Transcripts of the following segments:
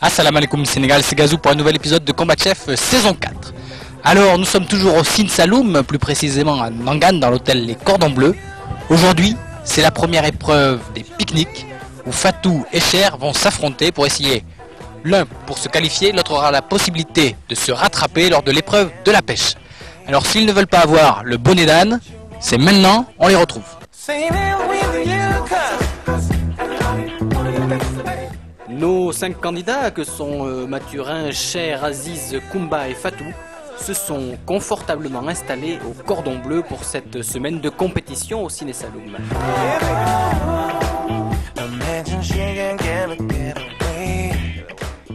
Assalamu alaikum Sénégal, c'est Gazou pour un nouvel épisode de Combat Chef euh, saison 4. Alors nous sommes toujours au Sin Saloum, plus précisément à Nangan dans l'hôtel Les Cordons Bleus. Aujourd'hui c'est la première épreuve des pique-niques où Fatou et Cher vont s'affronter pour essayer l'un pour se qualifier, l'autre aura la possibilité de se rattraper lors de l'épreuve de la pêche. Alors s'ils ne veulent pas avoir le bonnet d'âne, c'est maintenant, on les retrouve. Nos cinq candidats, que sont euh, Mathurin, Cher, Aziz, Kumba et Fatou, se sont confortablement installés au cordon bleu pour cette semaine de compétition au Ciné Saloum.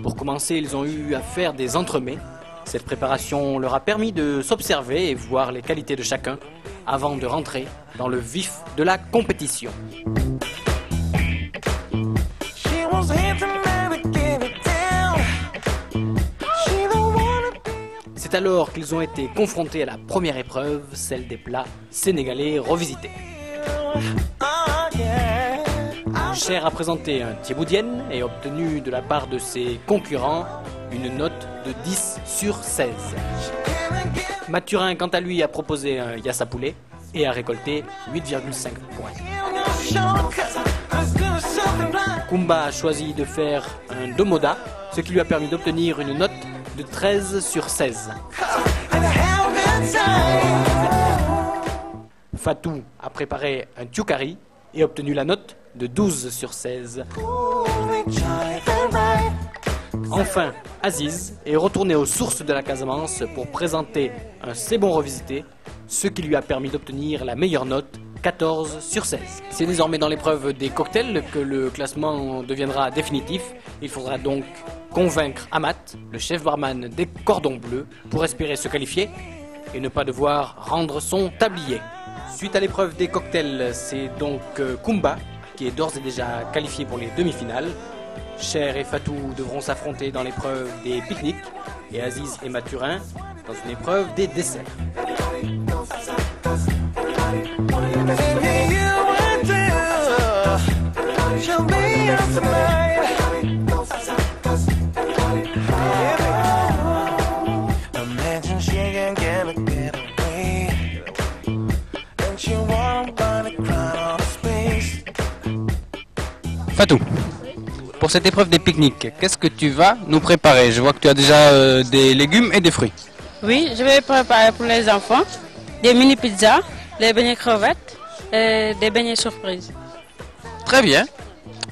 Pour commencer, ils ont eu à faire des entremets. Cette préparation leur a permis de s'observer et voir les qualités de chacun avant de rentrer dans le vif de la compétition. C'est alors qu'ils ont été confrontés à la première épreuve, celle des plats sénégalais revisités. Cher a présenté un Thiboudienne et obtenu de la part de ses concurrents une note de 10 sur 16. Mathurin, quant à lui, a proposé un Yassa Poulet et a récolté 8,5 points. Kumba a choisi de faire un Domoda, ce qui lui a permis d'obtenir une note de 13 sur 16. Fatou a préparé un tiukari et obtenu la note de 12 sur 16. Enfin, Aziz est retourné aux sources de la Casamance pour présenter un C'est bon revisité, ce qui lui a permis d'obtenir la meilleure note 14 sur 16. C'est désormais dans l'épreuve des cocktails que le classement deviendra définitif. Il faudra donc convaincre Amat, le chef barman des cordons bleus, pour espérer se qualifier et ne pas devoir rendre son tablier. Suite à l'épreuve des cocktails, c'est donc euh, Kumba qui est d'ores et déjà qualifié pour les demi-finales. Cher et Fatou devront s'affronter dans l'épreuve des pique-niques et Aziz et Mathurin dans une épreuve des desserts. Fatou, pour cette épreuve des pique-niques, qu'est-ce que tu vas nous préparer Je vois que tu as déjà euh, des légumes et des fruits. Oui, je vais préparer pour les enfants des mini pizzas, des beignets crevettes et des beignets surprise. Très bien.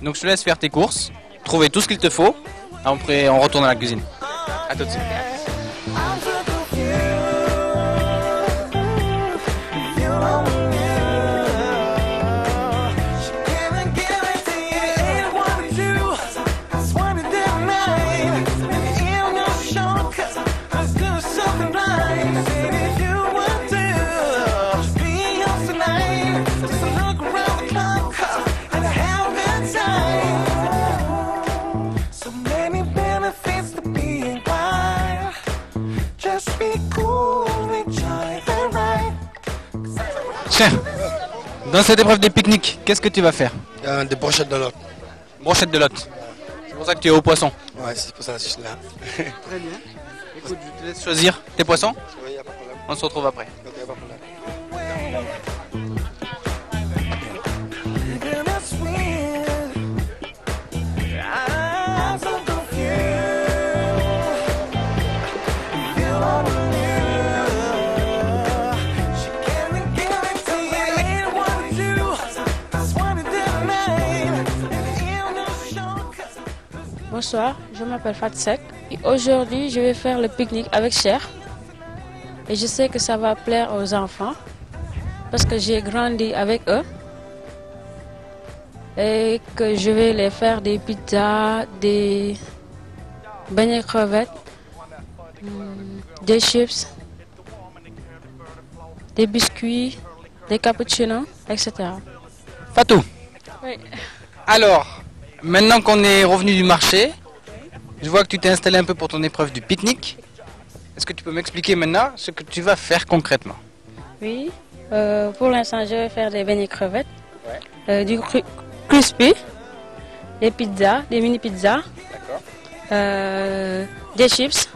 Donc je te laisse faire tes courses, trouver tout ce qu'il te faut, après on retourne à la cuisine. À tout de suite. Dans cette épreuve des pique-niques, qu'est-ce que tu vas faire euh, Des brochettes de lot. Brochettes de lot. C'est pour ça que tu es au poisson. Ouais, c'est pour ça que je suis là. Très bien. Écoute, je te laisse choisir tes poissons. Oui, a pas de problème. On se retrouve après. pas de problème. Bonsoir, je m'appelle Fatsek. Aujourd'hui, je vais faire le pique-nique avec Cher. Et je sais que ça va plaire aux enfants parce que j'ai grandi avec eux et que je vais les faire des pizzas, des beignets crevettes, mm, des chips, des biscuits, des cappuccinos, etc. Fatou Oui. Alors, Maintenant qu'on est revenu du marché, je vois que tu t'es installé un peu pour ton épreuve du pique-nique. Est-ce que tu peux m'expliquer maintenant ce que tu vas faire concrètement Oui, euh, pour l'instant, je vais faire des beignets crevettes, euh, du crispy, des pizzas, des mini pizzas, euh, des chips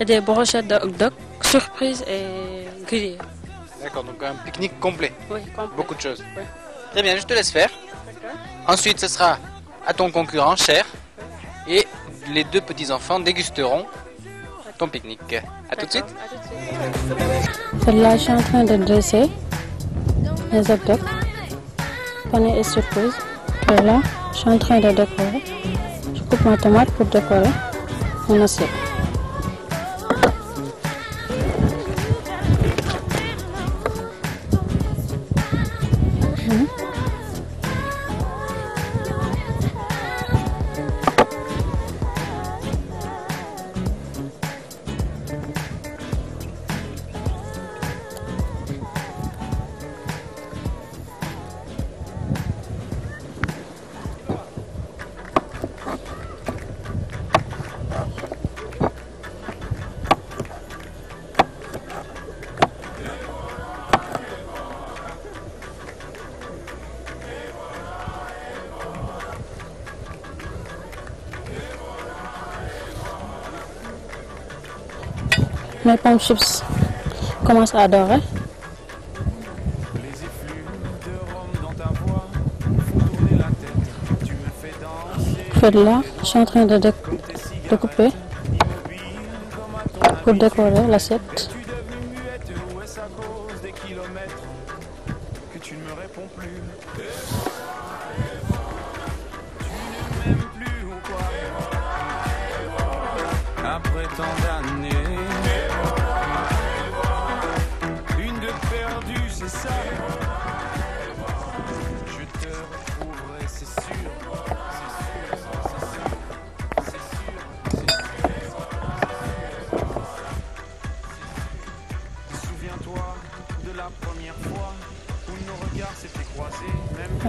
et des brochettes de hot dog, surprise et grillées. D'accord, donc un pique-nique complet. Oui, complet. Beaucoup de choses. Très bien, je te laisse faire. Ensuite, ce sera à ton concurrent cher et les deux petits-enfants dégusteront ton pique-nique. À tout de suite. Là, je suis en train de dresser les hot Panier et surprise. là, je suis en train de décorer. Je coupe ma tomate pour décorer mon assiette. Mes pommes chips commencent à adorer. de là, je suis en train de découper pour décorer l'assiette.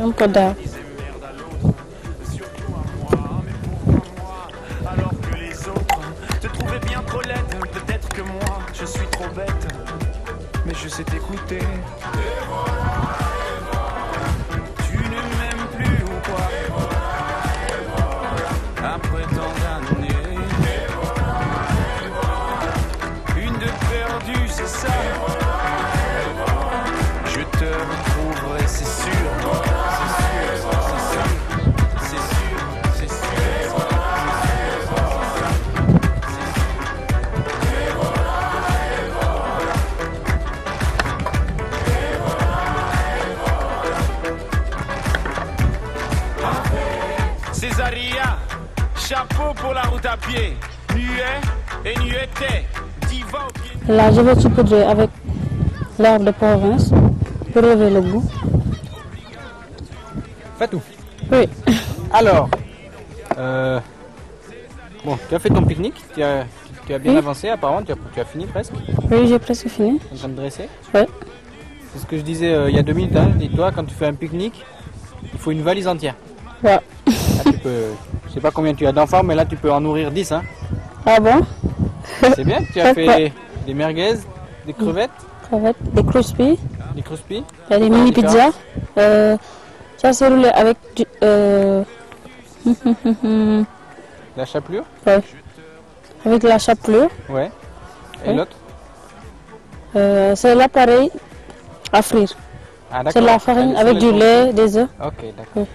हमको दा Chapeau pour la route à pied. et Là, je vais saupoudrer avec l'herbe de province pour lever le goût. tout Oui. Alors, euh, bon, tu as fait ton pique-nique, tu as, bien avancé apparemment, tu as, fini presque Oui, j'ai presque fini. En train de dresser Oui. C'est ce que je disais euh, il y a deux minutes, hein. dis-toi, quand tu fais un pique-nique, il faut une valise entière. Ouais. Ah, sais pas combien tu as d'enfants, mais là tu peux en nourrir 10. Hein. Ah bon C'est bien, tu as fait des merguez, des crevettes Crevettes, des crispy. Des crispy Il y a des mini pizzas. Euh, ça c'est roulé avec euh, La chapelure Ouais. Avec la chapelure. Ouais. Et l'autre euh, C'est l'appareil à frire. Ah, c'est la farine avec du lait, des œufs. Ok, d'accord.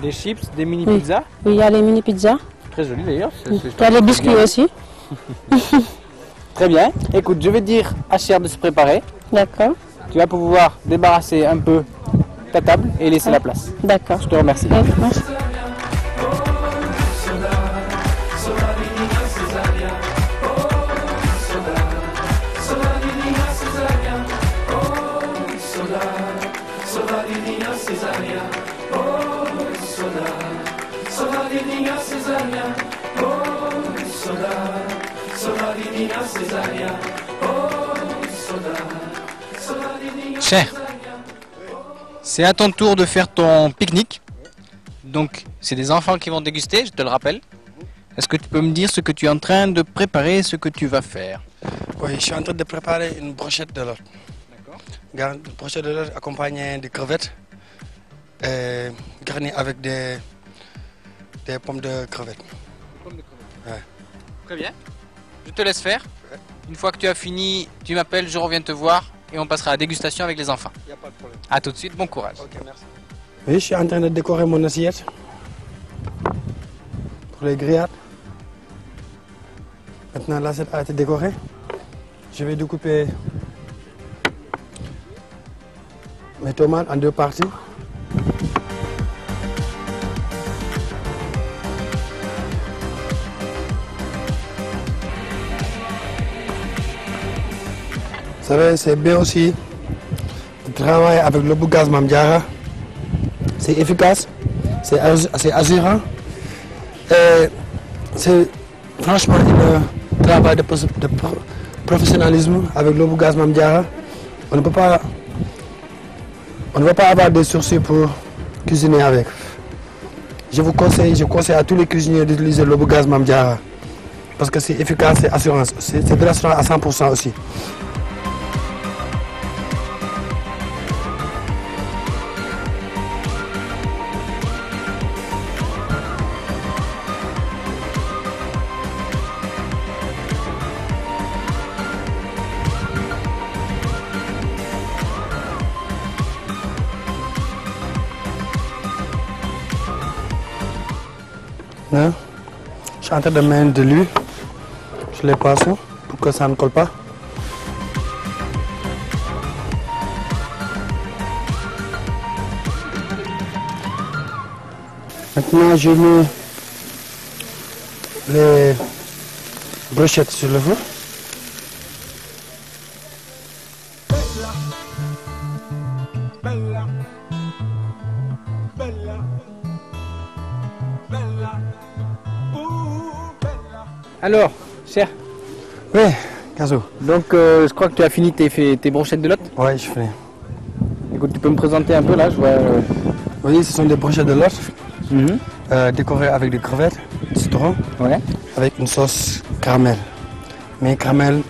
Des chips, des mini pizzas Oui, il y a les mini pizzas. Très joli d'ailleurs. Tu as les biscuits aussi. Très bien. Écoute, je vais dire à Cher de se préparer. D'accord. Tu vas pouvoir débarrasser un peu ta table et laisser la place. D'accord. Je te remercie. merci. C'est à ton tour de faire ton pique-nique. Donc, c'est des enfants qui vont déguster, je te le rappelle. Est-ce que tu peux me dire ce que tu es en train de préparer, ce que tu vas faire Oui, je suis en train de préparer une brochette de l'or. D'accord. Une brochette de l'or accompagnée de crevettes, et euh, garnie avec des, pommes de crevettes. pommes de crevettes Très bien. Je te laisse faire. Une fois que tu as fini, tu m'appelles, je reviens te voir et on passera à la dégustation avec les enfants. Il a tout de suite, bon courage. Oui, je suis en train de décorer mon assiette pour les grillades. Maintenant, l'assiette a été décorée. Je vais découper mes tomates en deux parties. c'est bien aussi de travailler avec le gaz Mamdiara. C'est efficace, c'est assurant. Et c'est franchement un travail de, professionnalisme avec le gaz Mamdiara. On ne peut pas on ne va pas avoir des sourcils pour cuisiner avec. Je vous conseille, je conseille à tous les cuisiniers d'utiliser le gaz Mamdiara. Parce que c'est efficace, c'est assurance. C'est de à 100% aussi. train de mettre de lui, Je les poissons, pour que ça ne colle pas. Maintenant, je mets les brochettes sur le feu. cher Oui. Donc, euh, je crois que tu as fini tes, tes brochettes de lot Ouais, je fais Écoute, tu peux me présenter un peu là je vois, euh. Oui, ce sont des brochettes de lot mm euh, décorées avec des crevettes, du citron, ouais. avec une sauce caramel. Mais caramel,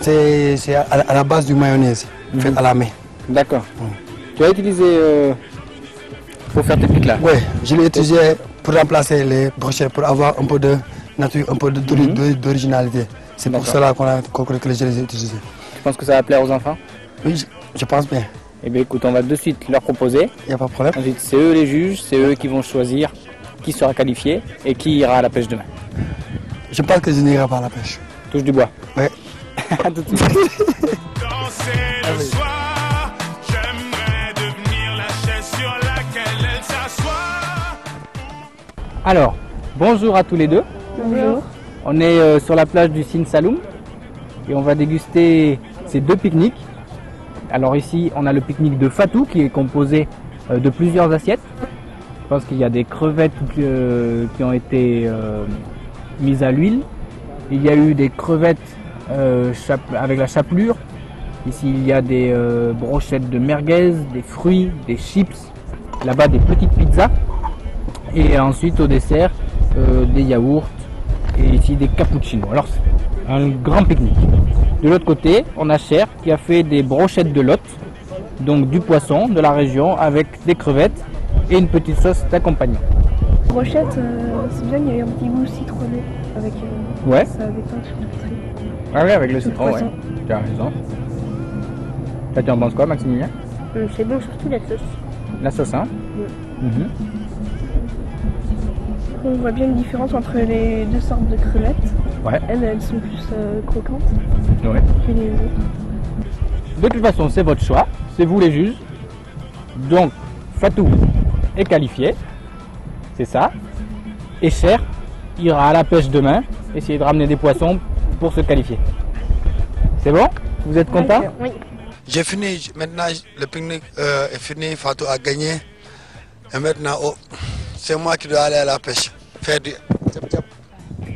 c'est à, la base du mayonnaise, mhm. fait à la main. D'accord. Tu as utilisé pour faire tes pics là Oui, je l'ai utilisé pour remplacer les brochettes, pour avoir un peu de un peu mhm. d'originalité. C'est pour cela qu'on a que les jeux utilisés. Tu penses que ça va plaire aux enfants Oui, je, pense bien. Eh bien écoute, on va de suite leur proposer. Il n'y a pas de problème. c'est eux les juges, c'est eux qui vont choisir qui sera qualifié et qui ira à la pêche demain. Je pense que je n'irai pas à la pêche. Touche du bois. oui. Alors, bonjour à tous les deux. On est euh, sur la plage du Sin Saloum et on va déguster ces deux pique-niques. Alors ici, on a le pique-nique de Fatou qui est composé euh, de plusieurs assiettes. Je pense qu'il y a des crevettes euh, qui ont été mises à l'huile. Il y a eu des crevettes avec la chapelure. Ici, il y a des brochettes de merguez, des fruits, des chips. Là-bas, des petites pizzas. Et ensuite, au dessert, des yaourts et ici des cappuccinos. Alors, c'est un grand pique-nique. De l'autre côté, on a Cher qui a fait des brochettes de lot, donc du poisson de la région avec des crevettes et une petite sauce d'accompagnement. Brochette, euh, c'est bien, il y a un petit goût citronné avec. Euh, ouais. Ça Ah avec le citron, Tu as raison. tu en penses quoi, Maximilien euh, C'est bon, surtout la sauce. La sauce, hein mhm. On voit bien une différence entre les deux sortes de crevettes. Elles, sont plus euh, croquantes. Que les De toute façon, c'est votre choix, c'est vous les juges. Donc, Fatou est qualifié, c'est ça. Et Cher ira à la pêche demain, essayer de ramener des poissons pour se qualifier. C'est bon Vous êtes content Oui. J'ai fini, maintenant le pique-nique euh, est fini, Fatou a gagné. Et maintenant, oh. C'est moi qui dois aller à la pêche,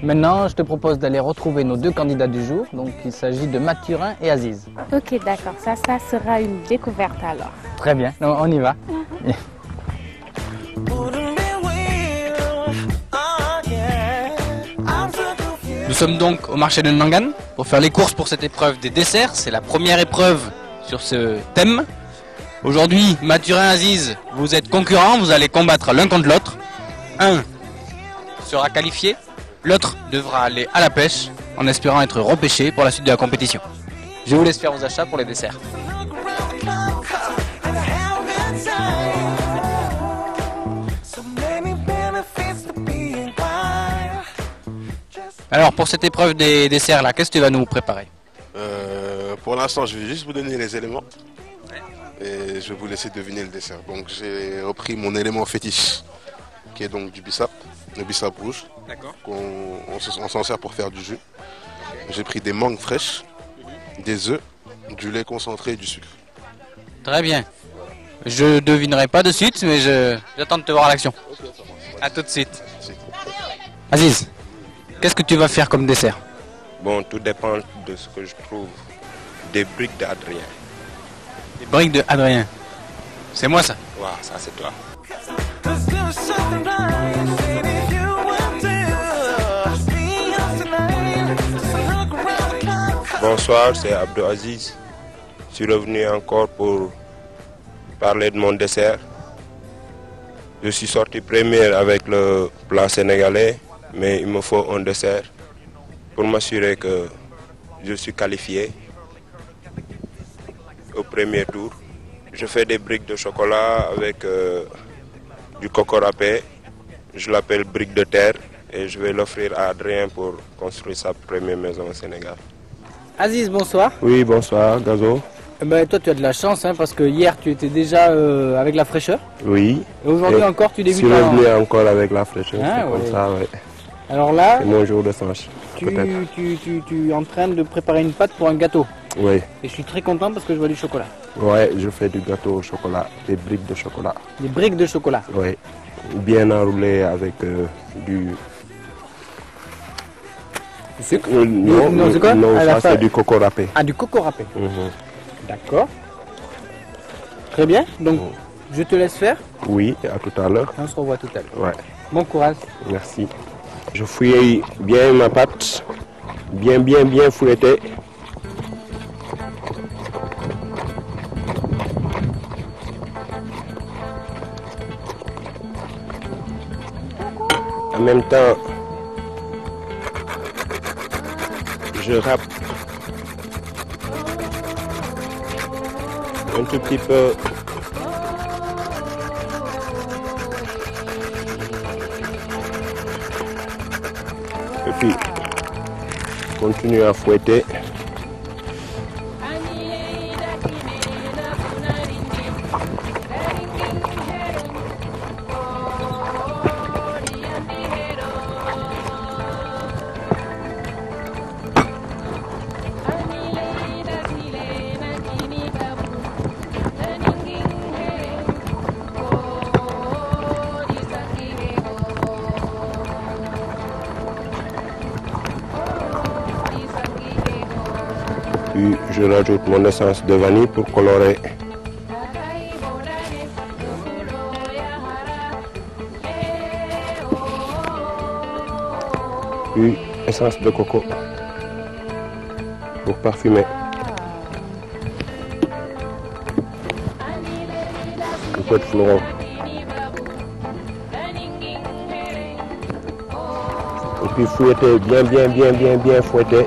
Maintenant, je te propose d'aller retrouver nos deux candidats du jour. Donc, il s'agit de Mathurin et Aziz. Ok, d'accord. Ça, ça sera une découverte alors. Très bien. on y va. Mhm. Nous sommes donc au marché de Nangan pour faire les courses pour cette épreuve des desserts. C'est la première épreuve sur ce thème. Aujourd'hui, Mathurin Aziz, vous êtes concurrent. vous allez combattre l'un contre l'autre. Un sera qualifié, l'autre devra aller à la pêche en espérant être repêché pour la suite de la compétition. Je vous laisse faire vos achats pour les desserts. Alors pour cette épreuve des desserts là, qu'est-ce que tu vas nous préparer euh, Pour l'instant, je vais juste vous donner les éléments et je vais vous laisser deviner le dessert. Donc j'ai repris mon élément fétiche qui est donc du bissap, le bissap rouge. D'accord. On, s'en sert pour faire du jus. J'ai pris des mangues fraîches, mhm. des œufs, du lait concentré et du sucre. Très bien. Je devinerai pas de suite, mais j'attends de te voir à l'action. A tout de suite. Aziz, qu'est-ce que tu vas faire comme dessert Bon, tout dépend de ce que je trouve des briques d'Adrien. Brique de Adrien. C'est moi ça Waouh, ça c'est toi. Bonsoir, c'est Abdou Aziz. Je suis revenu encore pour parler de mon dessert. Je suis sorti premier avec le plat sénégalais, mais il me faut un dessert pour m'assurer que je suis qualifié au premier tour. Je fais des briques de chocolat avec euh, du du cocorapé. Je l'appelle brique de terre et je vais l'offrir à Adrien pour construire sa première maison au Sénégal. Aziz, bonsoir. Oui, bonsoir, Gazo. Eh ben, toi, tu as de la chance hein, parce que hier, tu étais déjà euh, avec la fraîcheur. Oui. Et aujourd'hui encore, tu débutes. encore avec la fraîcheur, ah, c'est Alors là. C'est mon tu es en train de préparer une pâte pour un gâteau. Oui. Et je suis très content parce que je vois du chocolat. Ouais, je fais du gâteau au chocolat, des briques de chocolat. Des briques de chocolat Oui. bien enroulé avec euh, du. Du sucre euh, Non, non c'est quoi Non, c'est du coco râpé. Ah, du coco râpé mhm. D'accord. Très bien. Donc, mhm. je te laisse faire Oui, à tout à l'heure. On se revoit tout à l'heure. Ouais. Bon courage. Merci. Je fouille bien ma pâte, bien, bien, bien fouettée. En même temps, je rappe un tout petit peu et puis continue à fouetter je rajoute mon essence de vanille pour colorer. Puis essence de coco pour parfumer. Un peu de fleuron. Et puis fouetter, bien, bien, bien, bien, bien fouetter.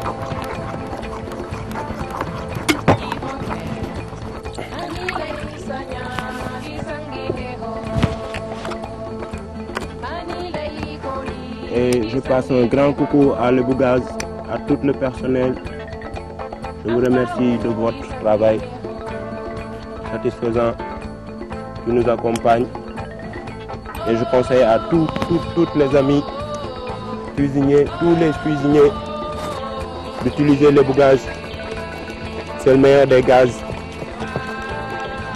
passe un grand coucou à le Bougaz, à tout le personnel. Je vous remercie de votre travail satisfaisant qui nous accompagne. Et je conseille à tous, toutes les amis cuisiniers, tous les cuisiniers d'utiliser le Bougaz, C'est le meilleur des gaz.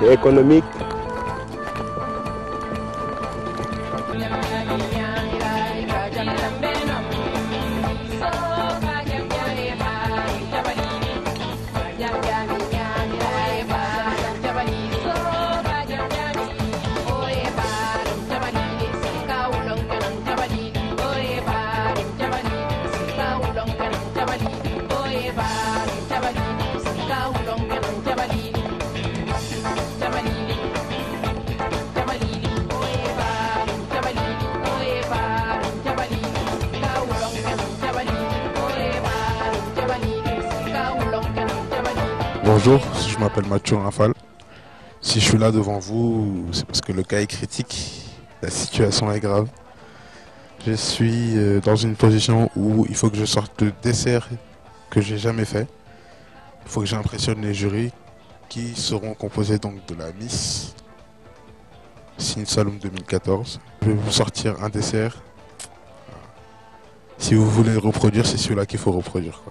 économiques. économique, là devant vous, c'est parce que le cas est critique, la situation est grave. Je suis euh, dans une position où il faut que je sorte le dessert que j'ai jamais fait. Il faut que j'impressionne les jurys qui seront composés donc de la Miss Sin Saloum 2014. Je vais vous sortir un dessert. Si vous voulez reproduire, c'est celui-là qu'il faut reproduire.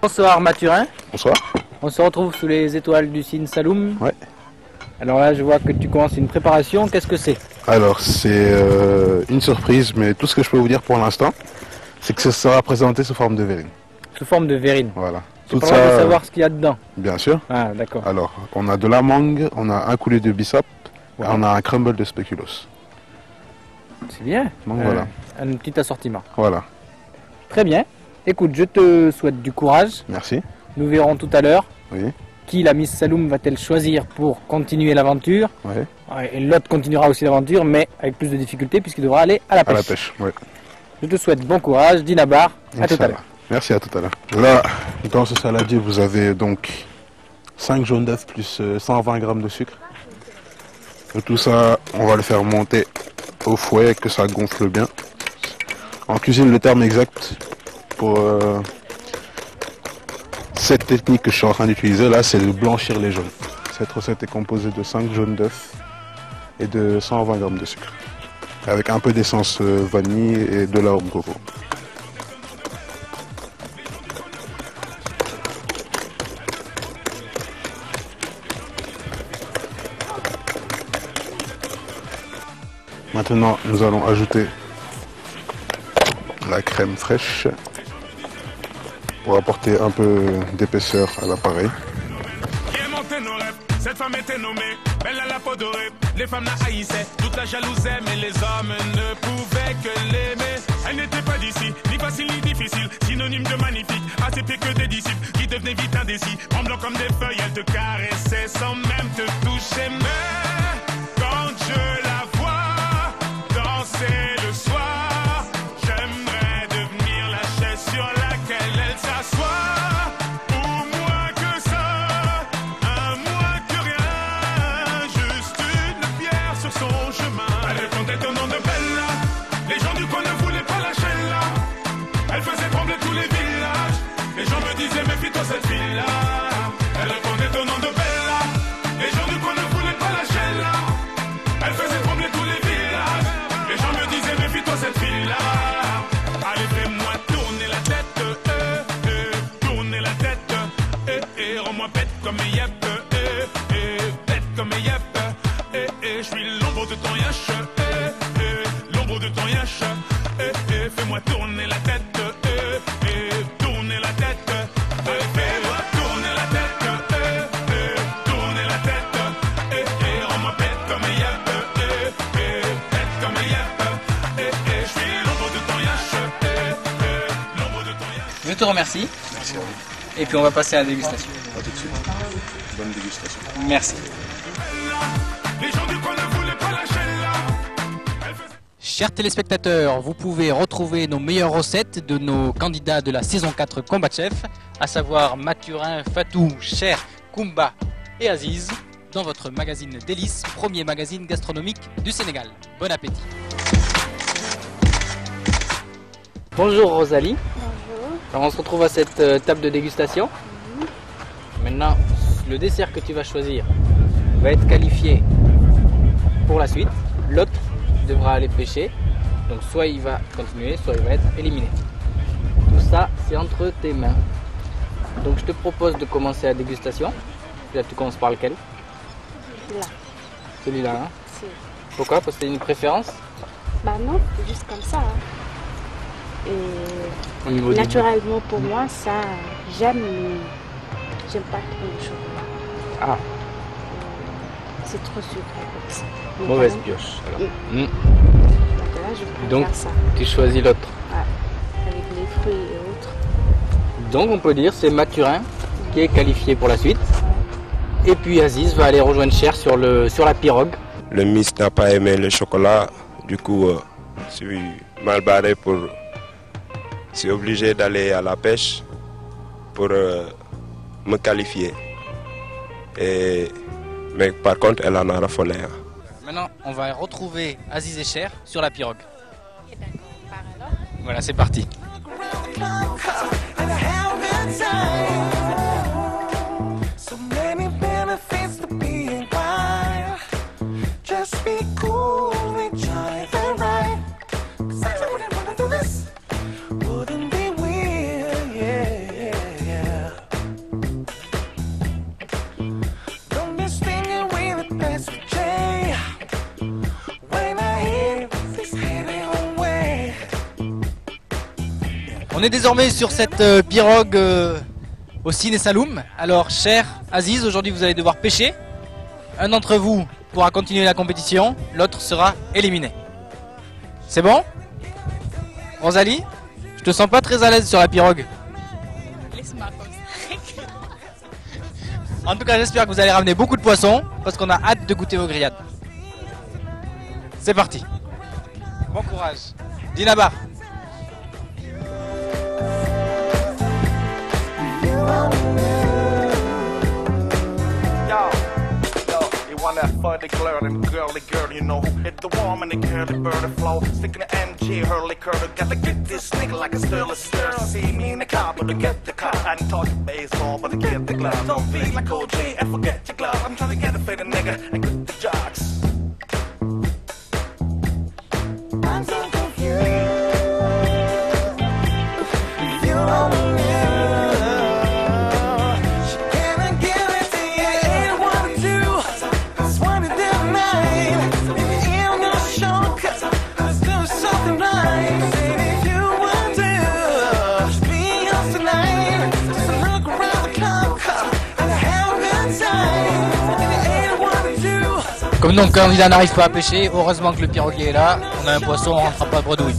Bonsoir Mathurin. Bonsoir. On se retrouve sous les étoiles du Sin Saloum. Ouais. Alors là, je vois que tu commences une préparation. Qu'est-ce que c'est Alors, c'est euh, une surprise, mais tout ce que je peux vous dire pour l'instant, c'est que ce sera présenté sous forme de verrine. Sous forme de verrine Voilà. Tout ça... savoir ce qu'il y a dedans Bien sûr. Ah, d'accord. Alors, on a de la mangue, on a un coulis de bisop, on a un crumble de spéculoos. C'est bien. voilà. Euh, un petit assortiment. Voilà. Très bien. Écoute, je te souhaite du courage. Merci. Nous verrons tout à l'heure. Oui qui la Miss Saloum va-t-elle choisir pour continuer l'aventure Et l'autre continuera aussi l'aventure, mais avec plus de difficultés puisqu'il devra aller à la pêche. À la pêche Je te souhaite bon courage, Dinabar. À tout à l'heure. Merci, à tout à l'heure. Là, dans ce saladier, vous avez donc 5 jaunes d'œufs plus 120 euh, grammes de sucre. Et tout ça, on va le faire monter au fouet, que ça gonfle bien. En cuisine, le terme exact pour... Euh, cette technique que je suis en train d'utiliser là, c'est de blanchir les jaunes. Cette recette est composée de 5 jaunes d'œufs et de 120 grammes de sucre, avec un peu d'essence euh, vanille et de la coco. Maintenant, nous allons ajouter la crème fraîche pour apporter un peu d'épaisseur à l'appareil. Cette femme était nommée, belle à la peau dorée. Les femmes la haïssaient, toute la jalousaient, mais les hommes ne pouvaient que l'aimer. Elle n'était pas d'ici, ni facile ni difficile, synonyme de magnifique, à que des disciples qui devenaient vite indécis. Tremblant comme des feuilles, elle te caressait sans même te toucher. Mais... fais-moi tourner la tête, eh, tourner la tête, fais-moi tourner la tête, tourner la tête, et rends-moi pète comme il y a, comme il y a, je suis l'ombre de ton yache, de ton yache. Je te remercie. Merci à vous. Et puis on va passer à la dégustation. tout de suite. Bonne dégustation. Merci. Chers téléspectateurs, vous pouvez retrouver nos meilleures recettes de nos candidats de la saison 4 Combat Chef, à savoir Mathurin, Fatou, Cher, Kumba et Aziz, dans votre magazine Délice, premier magazine gastronomique du Sénégal. Bon appétit Bonjour Rosalie. Bonjour. Alors on se retrouve à cette euh, table de dégustation. Mhm. Maintenant, le dessert que tu vas choisir va être qualifié pour la suite. L'autre devra aller pêcher. Donc soit il va continuer, soit il va être éliminé. Tout ça, c'est entre tes mains. Donc je te propose de commencer la dégustation. Là, tu commences par lequel Celui-là. Celui-là, hein? Pourquoi Parce que c'est une préférence Bah non, juste comme ça. Hein. Et naturellement, pour moi, ça, j'aime, j'aime pas trop le chocolat c'est trop sucré Mauvaise pioche. Hmm. Donc, tu choisis l'autre. les autres. Donc on peut dire c'est Mathurin qui est qualifié pour la suite. Et puis Aziz va aller rejoindre Cher sur, le, sur la pirogue. Le Miss n'a pas aimé le chocolat, du coup, euh, je suis mal barré pour. Je suis obligé d'aller à la pêche pour euh, me qualifier. Et mais par contre, elle en a raffolé. Hein. Maintenant, on va retrouver Aziz cher sur la pirogue. Voilà, c'est parti. On est désormais sur cette euh, pirogue euh, au Ciné Saloum. Alors, cher Aziz, aujourd'hui vous allez devoir pêcher. Un d'entre vous pourra continuer la compétition, l'autre sera éliminé. C'est bon Rosalie Je te sens pas très à l'aise sur la pirogue. moi En tout cas, j'espère que vous allez ramener beaucoup de poissons parce qu'on a hâte de goûter vos grillades. C'est parti. Bon courage. Dinabar. the girl, and girly girl, you know who hit the warm and the curly the flow. Sticking the MG, hurly curly, gotta get this nigga like a stirler stir. See me in the car, but to get the car. I ain't talking baseball, but to get the glove. Don't be like OG and forget your glove. I'm trying to get a fitter nigga and get the jocks. Donc quand il n'arrive pas à pêcher, heureusement que le piroguier est là, on a un poisson, on rentre pas à bredouille.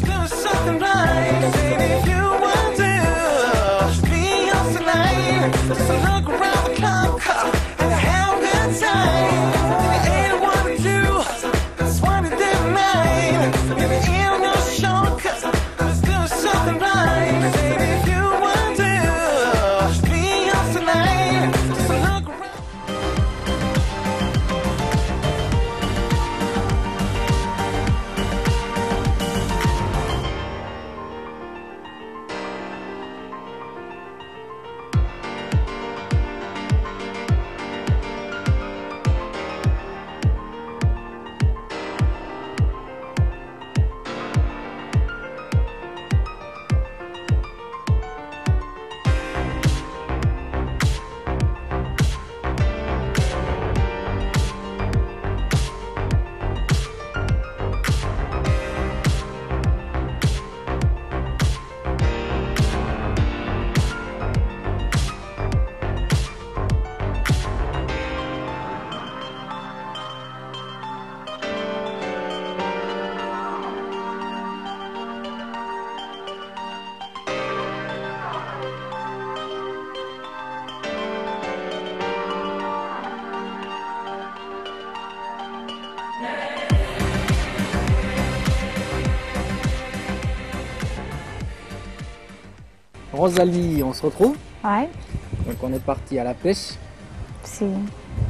Rosalie, on se retrouve. Donc on est parti à la pêche.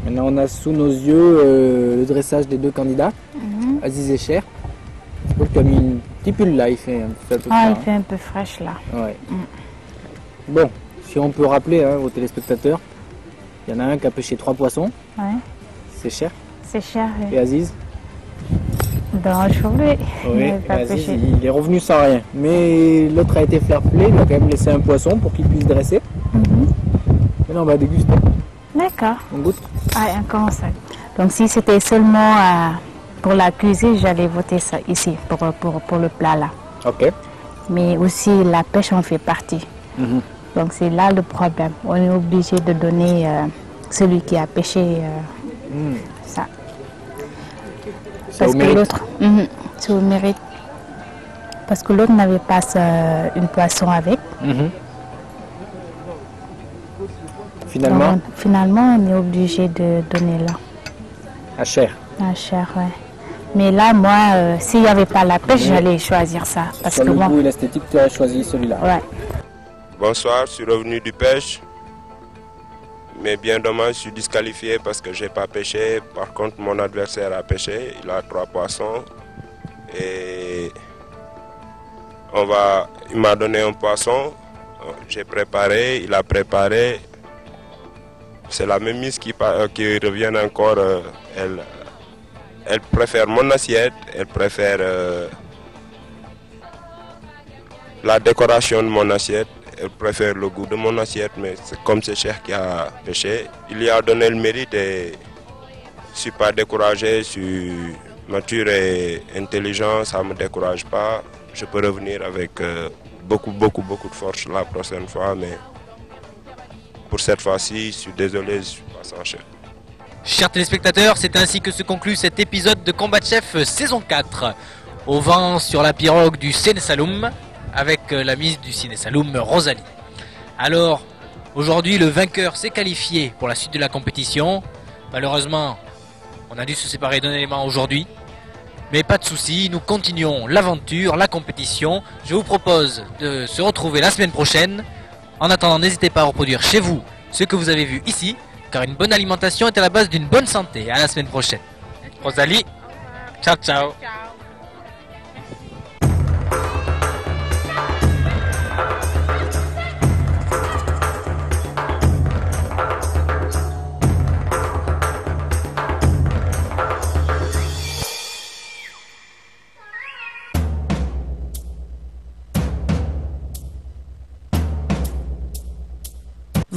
Maintenant on a sous nos yeux euh, le dressage des deux candidats, mhm. Aziz et Cher. Donc une petite pull là, il fait un peu, ah, il fait hein. un peu fraîche là. Mm. Bon, si on peut rappeler hein, aux téléspectateurs, il y en a un qui a pêché trois poissons. C'est Cher. C'est Cher. Et Aziz il, est revenu sans rien. Mais l'autre a été faire play, il a quand même laissé un poisson pour qu'il puisse dresser. Et mhm. Maintenant, on va déguster. D'accord. On goûte Ah, un Donc, si c'était seulement euh, pour la cuisine, j'allais voter ça ici, pour, pour, le plat là. Ok. Mais aussi, la pêche en fait partie. Mhm. Donc, c'est là le problème. On est obligé de donner euh, celui qui a pêché euh, mhm. ça. Parce que l'autre, mhm. Parce que l'autre n'avait pas une poisson avec. Mhm. Finalement Finalement, on est obligé de donner là. À cher À cher, ouais. Mais là, moi, euh, s'il n'y avait pas la pêche, mhm. j'allais choisir ça. Parce que le moi... l'esthétique, tu as choisi celui-là. Ouais. Bonsoir, je suis revenu du pêche. Mais bien dommage, je suis disqualifié parce que je n'ai pas pêché. Par contre, mon adversaire a pêché. Il a trois poissons. Et on va, il m'a donné un poisson. J'ai préparé, il a préparé. C'est la même mise qui, euh, qui revient encore. Euh, elle, elle préfère mon assiette, elle préfère euh, la décoration de mon assiette. Je préfère le goût de mon assiette, mais c'est comme c'est cher qui a pêché, il y a donné le mérite et je ne suis pas découragé, je suis mature et intelligent, ça ne me décourage pas. Je peux revenir avec euh, beaucoup, beaucoup, beaucoup de force la prochaine fois, mais pour cette fois-ci, je suis désolé, je ne suis pas sans chef. Chers téléspectateurs, c'est ainsi que se conclut cet épisode de Combat de Chef saison 4. Au vent sur la pirogue du Seine Saloum, avec euh, la mise du Ciné Saloum Rosalie. Alors, aujourd'hui, le vainqueur s'est qualifié pour la suite de la compétition. Malheureusement, on a dû se séparer d'un élément aujourd'hui. Mais pas de souci, nous continuons l'aventure, la compétition. Je vous propose de se retrouver la semaine prochaine. En attendant, n'hésitez pas à reproduire chez vous ce que vous avez vu ici, car une bonne alimentation est à la base d'une bonne santé. À la semaine prochaine. Rosalie, ciao. ciao.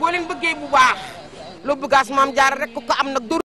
boo leen bëggee bu baax loo bëggaas maam jaar rek ko am nag.